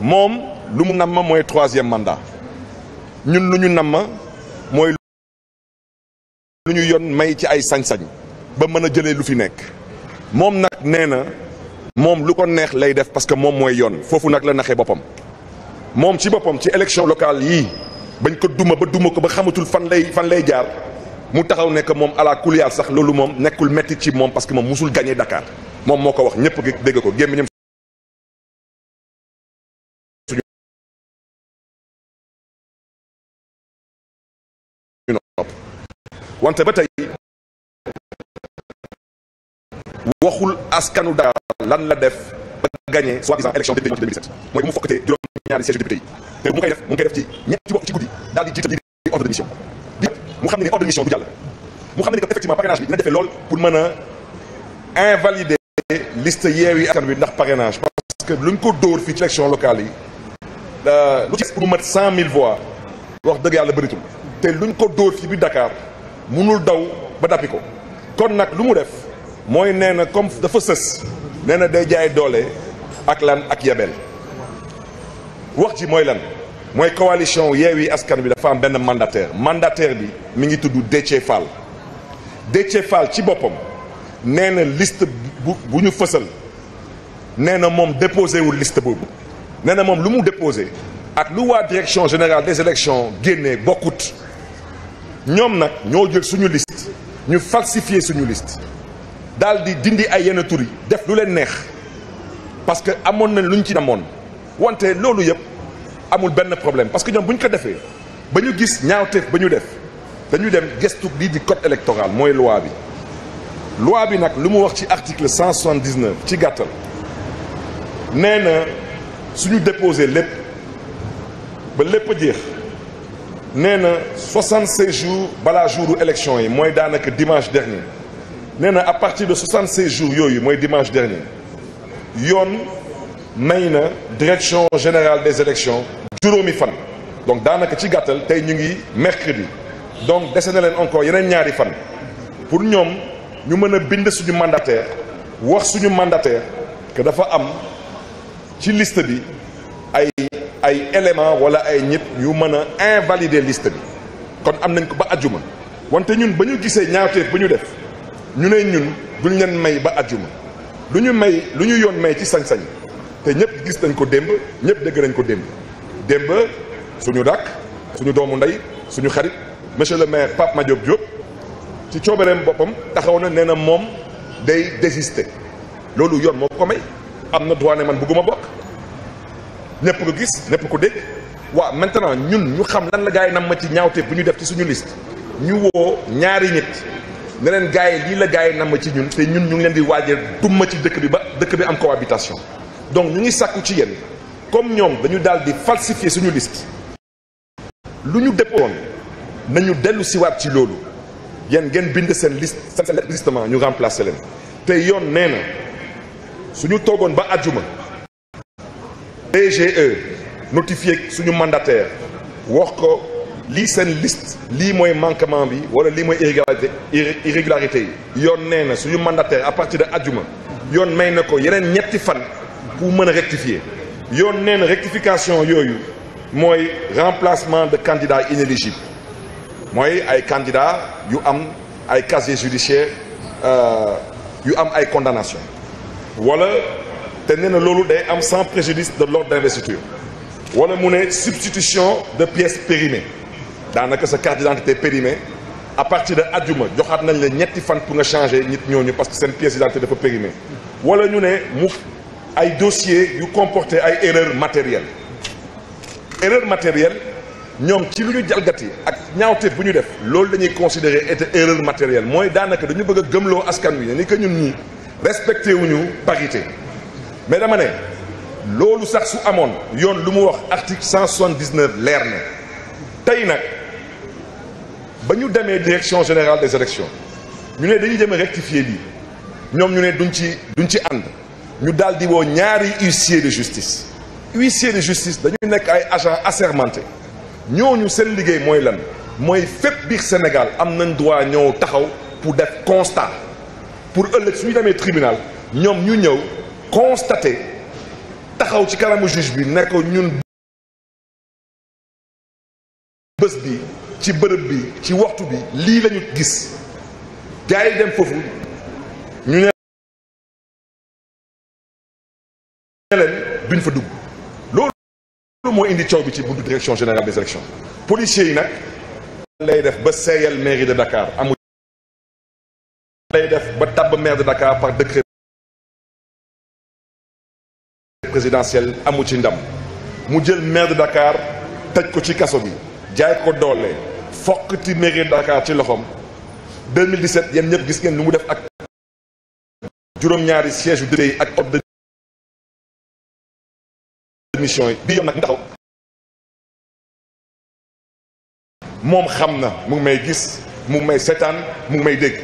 mom lu mu moy 3e mandat ñun lu ñu nam ma mooy lu ñu yoon may ci ay sañ-sañ ba mëna jëlé lu fi nekk mom nak néna mom lu ko neex lay def parce que mom moy yoon fofu nak la naxé bopam mom ci bopam ci élection locale yi bañ ko duma ba duma ko ba xamatul fan lay fan lay jaar mu taxaw ne mom ala kuliyaal sax lolu mom nekkul metti ci mom parce que mom musul gagner Dakar mom moko ko wax ñëpp dégg ko gémmiñam wante ba tey waxul askanu Dakar lan la def ba gagner soit disant élection de yi 2017 mooy bu mu fokkatee juróom-ñaari siège député yi te bu mu koy def mu ngi koy def ci ñetti waxtu ci guddi dal di jitté di ordre de mission di mu xam ordre de mission du jall mu xam que effectivement parrainage bi dina défé lool pour mën invalider liste Yewwi Askan bi ndax parrainage parce que luñ ko door fi ci élection locale yi euh, lu ci pour mu mat cent voix wax dëgg yàlla bëritul té luñ ko door fi bi Dakar mënul daw ba dapi ko kon nak lu def moy comme dafa day jaay ak lan ak yabel wax ji moy lan moy coalition yewi Askan qui dafa am ben mandataire mandataire bi mi ngi tuddu list Fall Fall ci liste buñu déposé liste déposé direction générale des élections génnee bokout nous nak ñoo jël suñu liste ñu falsifier suñu liste Daldi dindi ay def lu leen neex parce que amon nañ monde. ci wante lolu yeb amul ben problème parce que nous avons ko gis ñaawteef choses. def dañu dem choses. di di code électoral moy loi bi. loi bi nak wax article 179. ci Nous avons suñu déposer Nous ba nee 76 jours bala jouru élection yi moy danaka dimanche dernier nee à partir de 76 jours yooyu moy dimanche dernier Yon may direction générale des élections juróomi fan donc danaka ci gàttal tay ñu ngi mercredi donc dese len encore yenen ñaari fan pour ñom ñu mëna bind suñu mandataire wax suñu mandataire que dafa am ci liste bi ay ay élément wala ay ñit yu on a invalider liste bi kon am nañ ko ba ajjuma wante ñun bañu gisé gisee ñaawteef def ñu ne ñun duñ leen may ba ajjuma luñu may luñu yoon may ci sañ-sañ te ñëpp gis nañ ko demb ñëpp dégg nañ ko demb demb suñu dak suñu doomu nday suñu xarit monsieur le maire Pape Madiop Diop ci coobareem bopam taxaw na nee mom day désister lolu yoon moo ko may ont droit ne man bëgguma bok lépp ko gis lépp ko maintenant nous ñu xam lan la sommes nous, nam ma ci ñaawte bu ñu liste ñu ñaari nit là, yi la nous. nam ci ñun nous nous sommes ngi leen di nous cohabitation donc nous ngi ci comme nous dañu Nous nous falsifier suñu liste nous nañu nous ci là, nous bind nous liste là, Nous remplacer leen te yoon nous PGE notifié le mandataire wax ko liste lii manquement bi wala lii irrégularité irrégularité yi sur le mandataire à partir de ajuma yon may quoi a un ñetti fan pour me rectifier yon nee rectification yooyu un remplacement de candidats inéligibles moi ay candidat yu am ay casier judiciaire euh, yu am ay condamnation Voilà Tenez nee na day am sans préjudice de l'ordre d'investiture wala mu substitution de pièces périmées dans ce carte d'identité périmée à partir de ajuma joxaat nañ la ñetti fan pour changer nit ñooñu parce que c'est une pièce d'identité dafa périmée wala ñu ne mu ay dossier yu comporter ay erreur matérielle erreur matérielle ñoom ci lu nous avons ak ce bu ñu def loolu dañuy considérer été erreur matérielle ce daanaka dañu bëgg a gëmloo askan wi ni que ñun ñii respecté wuñu parité mais dama ne loolu sax su amoon yoon lu wax article 179 lerné. na tey nag ba direction générale des élections ñu ne dañuy jëm rectifier lui, ñoom ñu ne duñ ci duñ ci ànd ñu daal di ñaari huissier de justice huissier de justice dañu nekk ay agent assermenté nous seen liggéey mooy lan mooy fépp biir Sénégal am droit ñëw taxaw pour d'être constat pour ëllëg suñu mes tribunal ñoom ñu ñëw constater taxaw ci juge bi ne ñun bëss bi ci bi ci waxtu bi li lañu gis gaay dem fofu ñu ne leen buñ fa dugg loolu indi bi ci direction générale des élections policiers yi lay def ba mairie de Dakar amul lay def de Dakar par décret présidentielle amu ci ndam mu jël maire Dakar tëj ko ci kaso bi jaay ko doole fokkati mairie ci loxoom 2017 yéen ñëpp gis ngeen lu mu def ak juróom-ñaari siège ak ordre yi bi yoon moom xam na mu ngi may gis mu may setaan mu may dégg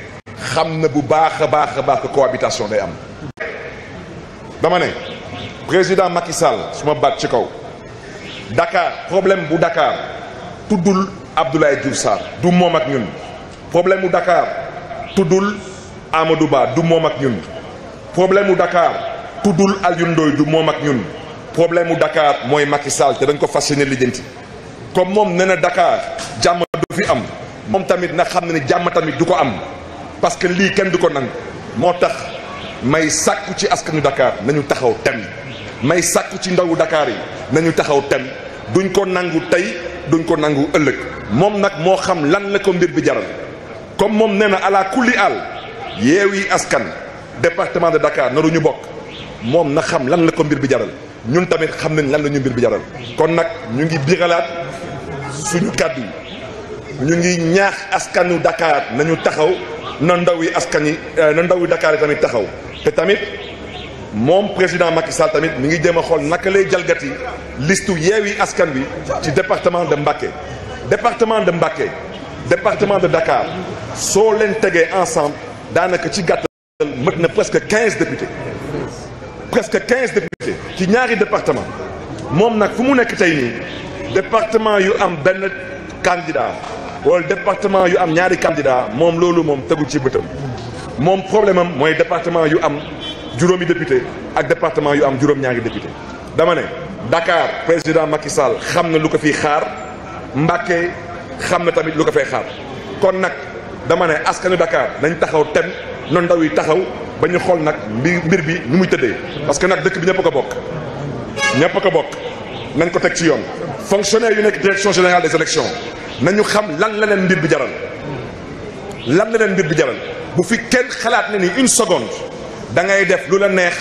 xam na bu baax a baax a baax cohabitation day am dama ne président Macky Sall su ma ci kaw Dakar problème bu Dakar doul Abdoulaye Diouf Sarr du moom ak ñun problème bu Dakar tuddul Amadou Ba du moom ak ñun problème bu Dakar doul Alioune Ndoye du ak ñun problème bu Dakar et Macky Sall te dañ ko l'identité. comme moom nee Dakar jàmm du fi am moom tamit na xam ne ne jàmm tamit du ko am parce que lii kenn du ko nangu moo tax may sàkku ci askanu Dakar nañu taxaw tem may sàkku ci ndawu dakaar yi nañu taxaw tamit duñ ko nangu tey duñ ko nangu ëllëg moom nag moo xam lan la ko mbir bi jaral comme moom nee na ala kulli àll Yewwi Askan département de Dakar naru ñu bokk moom na xam lan la ko mbir bi jaral ñun tamit xam nañ lan la ñu mbir bi jaral kon nag ñu ngi biralaat suñu kàddu ñu ngi ñaax askanu Dakar nañu taxaw na ndaw yi askan yi eh, na ndaw yi Dakar yi tamit taxaw te tamit Mon président Macky Sall tamit mi ngi jéem a xool naka lay jalgati listu yewi askan bi ci département de Mbacké département de Mbacké département de Dakar sont len tegee ensemble danaka ci gàttal mët na presque 15 députés presque 15 députés ci ñaari département mom nak fu mu nekk tey département yu am ben candidat le département yu am ñaari candidat Mon loolu mom tegu ci mom problème am moy département yu am juromi député ak département yu am jurom ñaari député dama né Dakar président Macky Sall xamna na lu ko fiy xaar Mbacké xamna tamit lu ko fay xaar kon nak dama né askanu Dakar nañ taxaw tem noonu ndaw yi taxaw ba ñu xool nag mbir bi nu muy parce que nak dëkk bi ñëpp ko bok ñëpp ko bok nañ ko tek ci yoon fonctionnaire yu nek direction générale des élections nañu xam lan la leen mbir bi jaral lan la leen mbir bi jaral bu fi kenn xalaat ne ni une seconde da ngay def lu la neex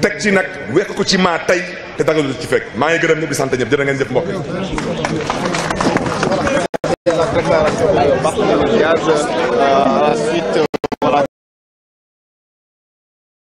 tek ci nag wekk ko ci maa tey te dara du ci fekk maa ngi gërëm ñëpp di sant ñëpp jërë ngeen jëf mbokk